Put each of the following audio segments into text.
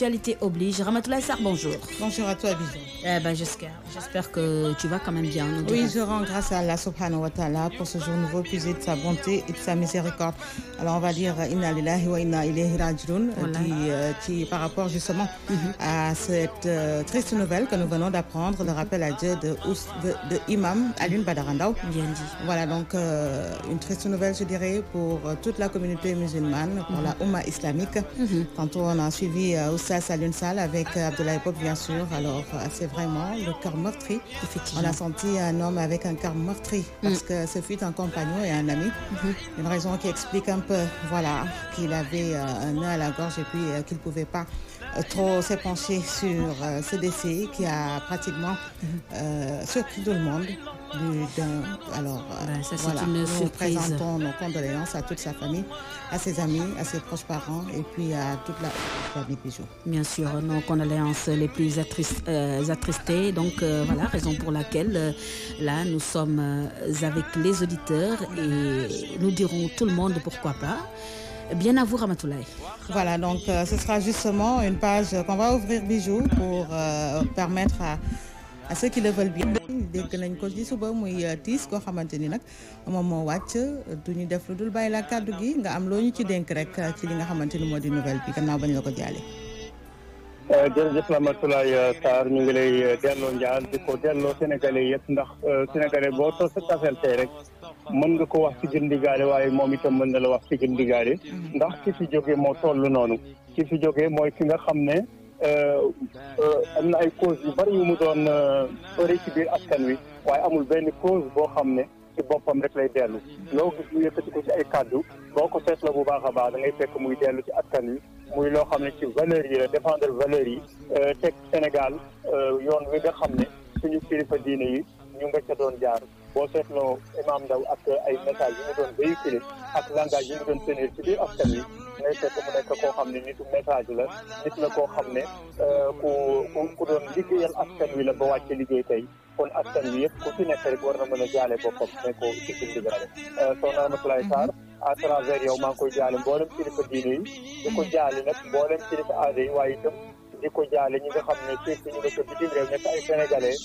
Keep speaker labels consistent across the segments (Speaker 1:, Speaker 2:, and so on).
Speaker 1: Actualité oblige. Ramatoulaye Sarr, bonjour. Bonjour à toi, Abidjan. Eh ben, j'espère. que tu vas quand même bien. Oui, je rends grâce à Allah subhanahu wa ta'ala pour ce jour nouveau, puisé de sa bonté et de sa miséricorde. Alors, on va dire Inna lillahi wa inna ilayhi rajoun, euh, euh, qui, par rapport justement mhm. à cette euh, triste nouvelle que nous venons d'apprendre, le rappel à Dieu de, de, de Imam Alun Badarandao. Bien dit. Voilà, donc, une triste nouvelle, je dirais, pour toute la communauté musulmane, pour mhm. la Ouma islamique. quand mhm. Tantôt, on a suivi aussi ça une salle avec euh, Abdoulaye Pop, bien sûr. Alors, euh, c'est vraiment le cœur meurtri. On a senti un homme avec un cœur meurtri mm. parce que ce fut un compagnon et un ami. Mm-hmm. Une raison qui explique un peu, voilà, qu'il avait euh, un nœud à la gorge et puis qu'il ne pouvait pas trop s'épancher sur ce décès qui a pratiquement mm-hmm. euh, surpris tout le monde. Alors, euh, bah, nous présentons nos condoléances à toute sa famille, à ses amis, à ses proches parents et puis à toute la famille Bijou. Bien sûr, nos condoléances les plus euh, attristées. Donc, euh, voilà, raison pour laquelle, là, nous sommes avec les auditeurs et nous dirons tout le monde pourquoi pas. Bien à vous, Voilà, donc ce sera justement une page qu'on va ouvrir Bijou pour permettre à à que qui le veulent bien dégg nañ ko ci suba muy euh, tiis koo xamante ni nag moom moo wàcc du ñu def lu dul bàyyi la kàddu gi nga am loo ñu ci dénk rek euh, ci li nga xamante ni moo di nouvelle bi gannaaw bañ la ko jaale.
Speaker 2: Euh, jërëjëf Ramatoulaye Sarr ñu ngi lay delloo njaal di ko delloo sénégalais yëpp ndax sénégalais boo toog sa tafel tey rek mën nga ko wax ci gën gaale waaye moom itam mën na la wax ci gën di gaale mm-hmm. ndax ki fi jóge moo toll noonu ki fi jógee mooy ki nga xam ne. Euh, euh, am na ay cause yu bari yu mu doon ëre euh, ci biir askan wi waaye amul benn cause boo xam ne ci boppam rek lay dellu loo gis ñu yëkkati ko ci ay kàddu boo ko seetloo bu baax a baax da ngay fekk muy dellu ci askan wi muy loo xam ne ci valeurs yi la défendre valeurs yi teg Sénégal yoon wi nga xam ne suñu kilifa diine yi ñu nga ca doon jaar boo seetloo Imam Ndao ak ay messages yi mu doon véhiculer ak langage yi mu doon tenir ci biir askan wi ne te ku mu nekk koo xam ne nitu message la nit la koo xam ne ku ku ku doon liggéeyal askan wi la ba wàcce liggéey tey kon askan wi yëpp ku fi nekk rek war na mën a jaale boppam ne ko ci ci ndigaale ma Ramatoulaye Sarr à travers yow maa ngi koy jaale mboolem kilifa diine yi di ko jaale nag mboolem kilifa aada yi waaye itam di ko jaale ñi nga xam ne tiis bi ñu nga ko bitim réew nekk ay sénégalais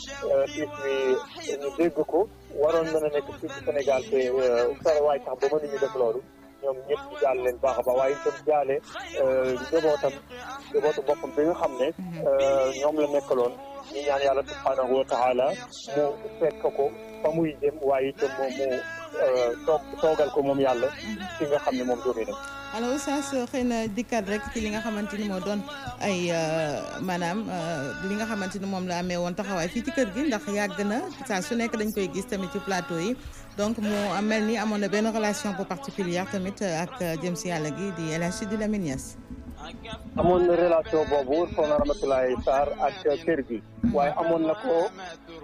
Speaker 2: tiis bi ñu dégg ko waroon mën a nekk fii ci Sénégal te sore waay tax ba ñu def loolu ñoom ñëpp ñu jaal leen baax a waaye itam jaale euh, njabootam njabootu boppam bi nga xam ne euh, ñoom la nekkaloon ñu ñaan yàlla subhaanahu wa taala mu fekk ko fa muy dem waaye itam moom mu euh, toog toogal ko moom yàlla ci nga xam ne moom jógee na
Speaker 1: alors oustaz xëy na dikkaat rek ci li nga xamante ni moo doon ay euh, maanaam euh, li nga xamante ni moom la amee woon taxawaay fii ci kër gi ndax yàgg na saa su nekk dañ koy gis tamit ci plateau yi donc mu mel ni amoon na benn relation bu particulière tamit euh, ak jëm si yàlla gi di El Hadji Sidi
Speaker 2: amoon na relation boobu soxna Ramatoulaye Sarr ak kër gi waaye amoon na ko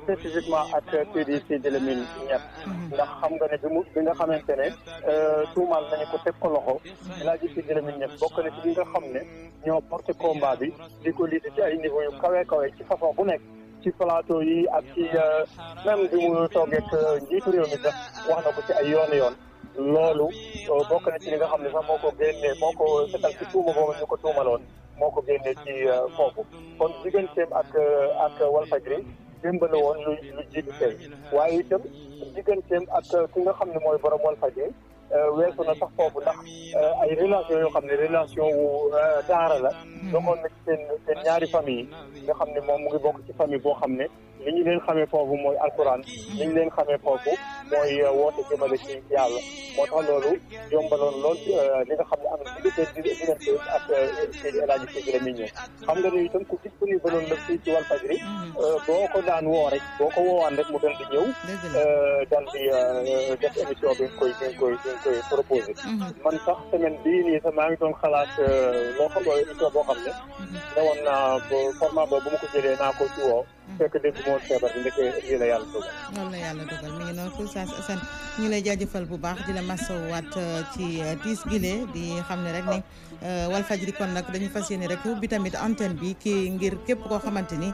Speaker 2: spécifiquement ak kër yi Sidi ndax xam nga ne bi mu bi nga xamante ne euh, tuumaal nañu ko teg ko loxo Elhadji Sidi Lamine Niass bokk na ci ñi nga xam ne ñoo porté combat bi di ko liggéey ci ay niveau yu kawe kawe ci façon bu nekk ci plateau yi ak ci euh, même bi mu toogee ak euh, njiitu réew mi sax wax na ko ci ay yoon yoon loolu euh, bokk na ci li nga xam ne sax moo ko génnee moo ko setal ci tuuma boobu ñu ko tuumaloon moo ko génnee ci euh, foofu kon digganteem ak euh, ak Walfadjri démb la woon lu lu jiitu tey waaye itam digganteem ak ki nga xam ne mooy borom Walfadjri weesu na sax foofu ndax ay relation yoo xam ne relation wu daara la doxoon hmm. na ci seen seen ñaari famille yi nga xam ne moom mu ngi bokk ci famille boo xam ne ni ñu leen xamee foofu mooy alquran ni ñu leen xamee foofu mooy euh, woote jëmale ci yàlla moo tax loolu yombaloon lool euh, li nga xam ne am na diggante diggante ak euh, seen El Hadj xam nga ni itam ku disponible loon la fii ci Walfadjri mm. boo ko daan woo rek boo ko woowaan rek mu dal di ñëw dal di def émission bi nga koy bi koy bi koy proposé mm-hmm. man sax semaine bi nii sax maa ngi doon xalaat loo xam émission boo xam ne mm-hmm. ne woon naa format bu ma ko jëlee naa ko ci woo fekk dégg moo la yàlla dogal
Speaker 1: loolu mi ngi noonu Oustaz Assane ñu lay jaajëfal bu baax di la masawaat euh, ci diis euh, gile di xam ne rek ne euh, Walfadjri kon nag dañu fas yéene rek ubbi tamit antenne bi kii ngir képp koo xamante ni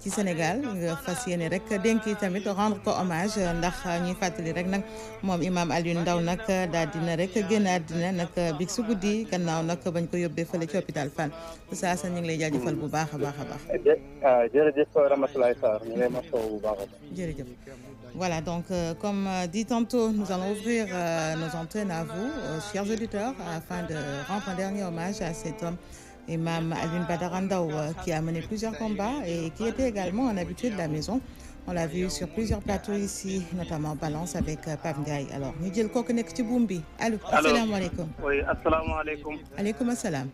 Speaker 1: ci Sénégal nga fas yéene rek dénk tamit rendre ko hommage ndax ñuy fàttali rek nag moom Imam Alioune ndaw nag daal dina rek génn àddina nag bi su guddi gannaaw nag bañ ko yóbbee fële ci hôpital Fann Oustaz Assane ñu ngi lay jaajëfal bu baax a baax a baax
Speaker 2: eh, ah,
Speaker 1: voilà donc euh, comme euh, dit tantôt nous allons ouvrir euh, nos antennes à vous chers auditeurs afin de rendre un dernier hommage à cet homme. Imam Alvin Badarandaou, qui a mené plusieurs combats et qui était également un habitué de la maison. On l'a vu sur plusieurs plateaux ici, notamment en balance avec Pam Ndiaye. Alors, ñu jël kooku nekk ci buum bi. allo asalaamaaleykum.
Speaker 2: oui alaikum.
Speaker 1: aleykum Alaikum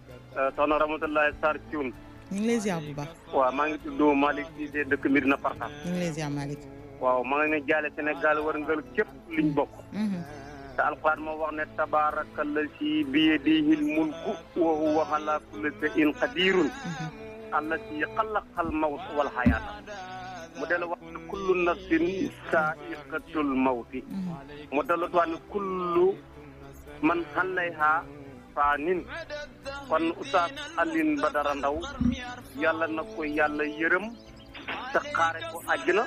Speaker 1: ñu ngi lay ziar bu baax.
Speaker 2: waaw maa ngi tudd Malick Cissé dëkk Mirina Parta.
Speaker 1: ñu ngi lay ziar Malick.
Speaker 2: waaw maa ngi ne jaale Sénégal war ngal képp liñ bokk. Mhm. te alxuraan moo wax ne tabaarakallasi biyadihil mulku wa huwa ala kulli shay'in qadirun mhm. allati xalaqal mawt wal xayaata mu dellu wax ne kullu nafsin saa'iqatul mawti mhm. mu dellu wax ne kullu man xalayha ihsaanin kon Oustaz Alioune Badara Ndao yàlla na ko yàlla yërëm te xaare ko àjjana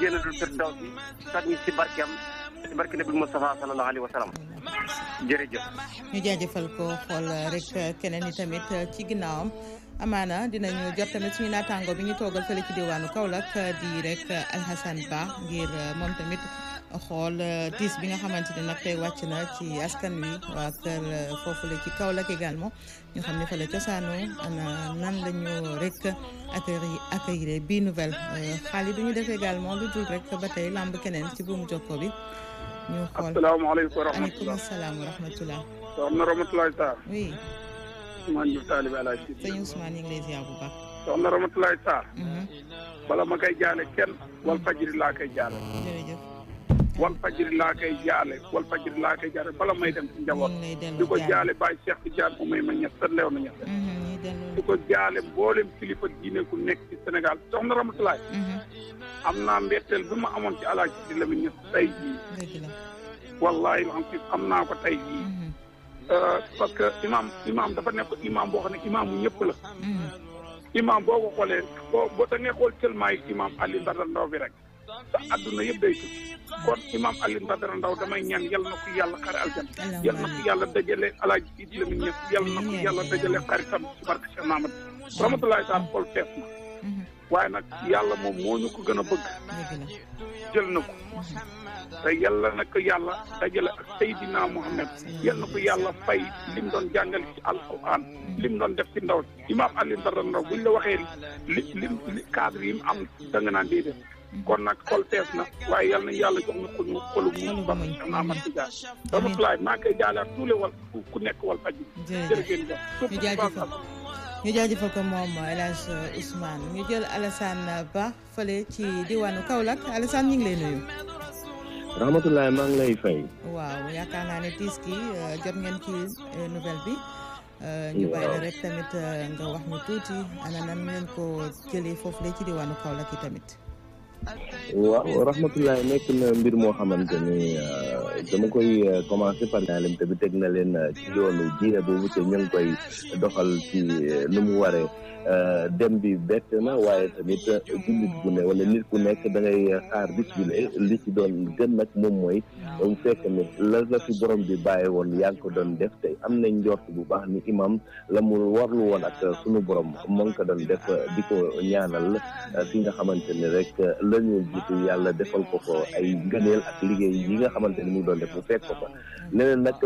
Speaker 2: jënadul firdawsi sax ñi ci barkeem ci barke nabi Mustafa sallallahu alayhi wa sallam jërëjëf
Speaker 1: ñu jaajëfal ko xool rek keneen i tamit ci ginnaawam amaana dinañu jot tamit suñu naataango bi ñu toogal fële ci diwaanu Kaolack di rek Alhassane Ba ngir moom tamit xool tiis bi nga xamante ni nag tey wàcc na ci askan wi waa kër foofu la ci Kaolack également ñu xam ne fa la cosaanoo ana nan la ñu rek accueillir accueillir bii nouvelle xaalis du ñu def également lu dul rek ba tey làmb keneen ci buumu jokko bi ñu xool
Speaker 3: asalaamaaleykum wa rahmatulah
Speaker 1: aleykum salaam wa rahmatulah.
Speaker 3: soxna Ramatoulaye Sarr. oui. Ousmane Diouf Talibé El Hadj. sëñ Ousmane ñu ngi lay ziar bu baax. soxna Ramatoulaye Sarr. bala ma koy jaale kenn wal fajiri laa koy jaale. jërëjëf. wal fajiri laa koy jaale wal fajiri laa koy jaale bala may dem si njaboot di ko jaale Baye Cheikh Tidiane mu may ma ñett sa leew na ñett mhm, di ko jaale mboolem kilifa diine ku nekk ci Sénégal soxna Ramatulaay mhm. am naa mbetteel bi ma amoon ci alaaji di la mu ñett tey jii wallaahi am si am naa ko tey jii mhm. euh, parce que imaam imaam dafa nekk imaam boo xam ne imaam mu ñëpp la imaam boo ko xoolee boo boo da ngay xool seulement imaam Ali Badara Ndao bi rek adduna yëpp day kon imam Alioune Badara Ndao damay ñaan yal na ko yàlla xare aljanna yal na ko yàlla dajale alaaji Idi Lamine ñëpp yal na ko yàlla dajale xaritam si barke sa Mahamad rahmatullahi taala xool fees na mhm. waaye nag yàlla moom moo ñu ko gën a bëgg jël na ko mhm. te yàlla na ko yàlla dajale ak Seydina Mohamed yal na ku yàlla fay lim doon jàngale ci alquran lim doon def ci ndaw imam Alioune Badara Ndao buñ la waxee li lim cadre am da nga naan kon nak xol fees na waaye yal na yàlla jox na ko ñu xolu mu ba mu am amat ci jaar Abdoulaye maa koy jaalaat tous les wal ku nekk wal faj jërëjëf
Speaker 1: ñu jaajëfal ñu jaajëfal ko moom El Hadj Ousmane ñu jël Alassane Ba fële ci diwaanu Kaolack Alassane ñu ngi lay nuyu
Speaker 2: Rahmatullahi maa ngi lay fay
Speaker 1: waaw yaakaar naa ne tiis euh, jot ngeen ci euh, nouvelle bi euh, ñu bàyyi la rek tamit nga wax ñu tuuti ana nan ngeen ko jëlee foofu la ci diwaanu Kaolack yi tamit
Speaker 2: waaw rahmatulah nekk na mbir moo xamante ni
Speaker 4: euh, dama koy euh, commencé par naa leen te bi teg na leen euh, ci yoonu jiye boobu te ñu koy doxal ci lu mu waree Euh, dem bi bett na waaye tamit jullit bu ne wala nit ku nekk da ngay xaar bis bu ne li ci doon gën nag moom mooy bu fekk ne la la fi borom bi bàyyi woon yaa ngi ko doon def tey am nañ njort bu baax ni imam la mu warlu woon ak sunu borom mu ngi ko doon def di ko ñaanal fi nga xamante ni rek la ñu jiitu yàlla defal ko ko ay ngëneel ak liggéey yi nga xamante ni mu doon def bu fekk ko fa leneen nag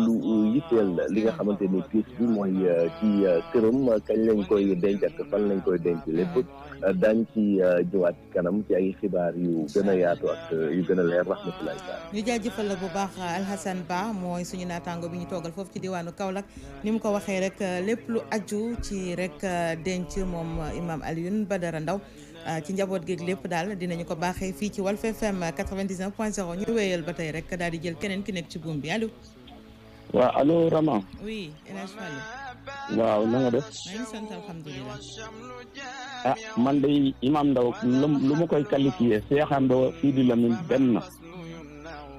Speaker 4: lu yitteel li nga xamante ni piis bi mooy ci këram kañ lañ koy denc ak fan lañ koy denc lépp euh, daañ ci euh, ñëwaat ci kanam ci ay xibaar yu gën a yaatu ak euh, yu gën a leer rahmatulahi taala
Speaker 1: ñu jaajëfal la bu baax Alhassane Ba mooy suñu naataango bi ñu toogal foofu ci diwaanu kaw Kaolack ni mu ko waxee rek lépp lu aju ci rek denc moom Imam ba dara ndaw ci njaboot geeg lépp daal dinañu ko baaxee fii ci Walf FM 99 point 0 ñu wéyal ba tey rek daal di jël keneen ki nekk ci buum bi allo.
Speaker 4: waaw allo Rama. oui El waaw na nga def.
Speaker 1: maa
Speaker 4: ah man day Imaam Ndao lu mu koy qualifié seexandoo Sidi Lamine dem na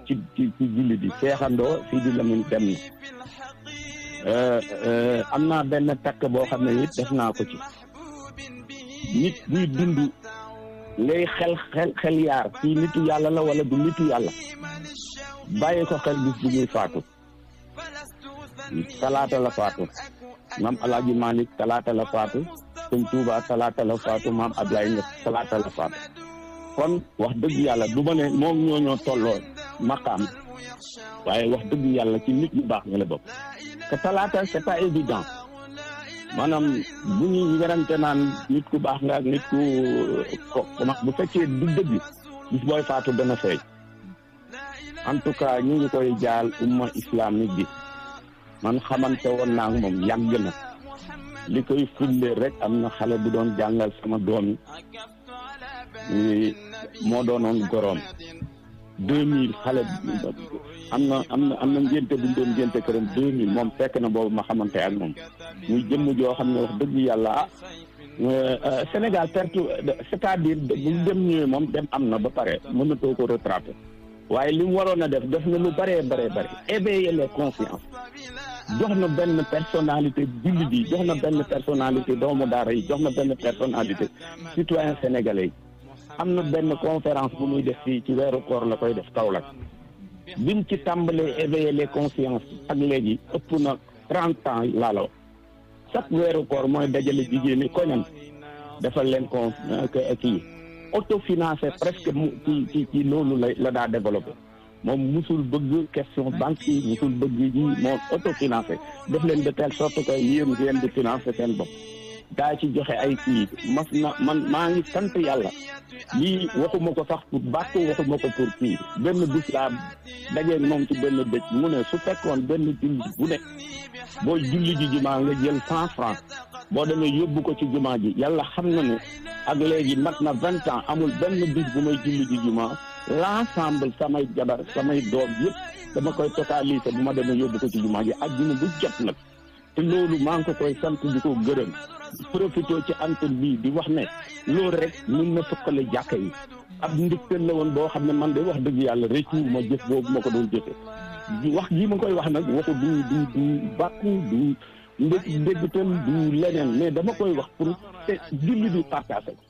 Speaker 4: ci ci julli bi seexandoo Sidi Lamine dem na euh, euh, am naa benn takk boo xam ne it def naa ko ci nit buy dund ngay xel xel xel yaar fii nitu yàlla la wala du nitu yàlla bàyyee ko xel bis bu ñuy faatu talaata la faatu. maam Alaaji Malick talaata la faatu sëñ Touba talaata la faatu maam Ablaye Niass talaata la faatu kon wax dëgg yàlla du ba ne moom ñoo ñoo tolloo maqaam waaye wax dëgg yàlla ci nit ñu baax nga la bokk te talaata c'est pas évident maanaam bu ñuy werante naan nit ku baax nga ak nit ku ko bu fekkee du dëgg bis booy faatu dana en tout cas ñu ngi koy jaal umma islamique bi man xamante woon naa ak moom yàgg na li koy fulle rek am na xale bu doon jàngal sama doom yi moo doonoon goroom deux mille xale am na am na am na ngénte bu ñu doon ngénte këram deux mille moom fekk na boobu ma xamante ak moom muy jëmm joo xam ne wax dëgg yàlla ah euh, euh, Sénégal surtout c'est-à-dire bu dem ñëwee moom dem am na ba pare mënatoo ko rattraper waaye li mu waroon a def def na lu bëree bëree bëri éveiller les consciences jox na benn personnalité julli yi jox na benn personnalité doomu daara yi jox na benn personnalité citoyen sénégalais yi am na benn conférence bu muy def fii ci weeru koor la koy def Kaolack biñ ci tàmbalee éveiller les consciences ak léegi ëpp na trente ans laaloo chaque weeru koor mooy dajale jigéen ñi koñam defal leen ko euh, kii autofinancé presque mu ci loolu la la daa développé moom musul bëgg question banque yi musul bëgg ñi moom autofinancé def leen de tell sorte koy yéen ngeen di financé seen bopp daa ci joxe ay kii mas na man maa ngi sant yàlla lii waxuma ko sax pour bàkk waxuma ko pour kii benn bis laa dajee moom ci benn dëj mu ne su fekkoon benn julli bu nekk boo julli ji jumaa nga jël cent franc boo demee yóbbu ko ci jumaa ji yàlla xam na ne ak léegi mat na vingt ans amul benn bis bu may julli ji jumaa l'ensemble samay jabar samay doom yëpp dama koy totaliser bu ma demee yóbbu ko ci jumaa ji àjjuma bu jot nag te loolu maa ngi ko koy sant di ko gërëm profité ci antenne bii di wax ne loolu rek mun na suqale jàkka yi ab ndiktal la woon boo xam ne man de wax dëgg yàlla rek ma jëf boobu ma ko doon jëfe wax gii ma koy wax nag waxu du du du bàkku du ndég ndégtal du leneen mais dama koy wax pour te julli bi partagé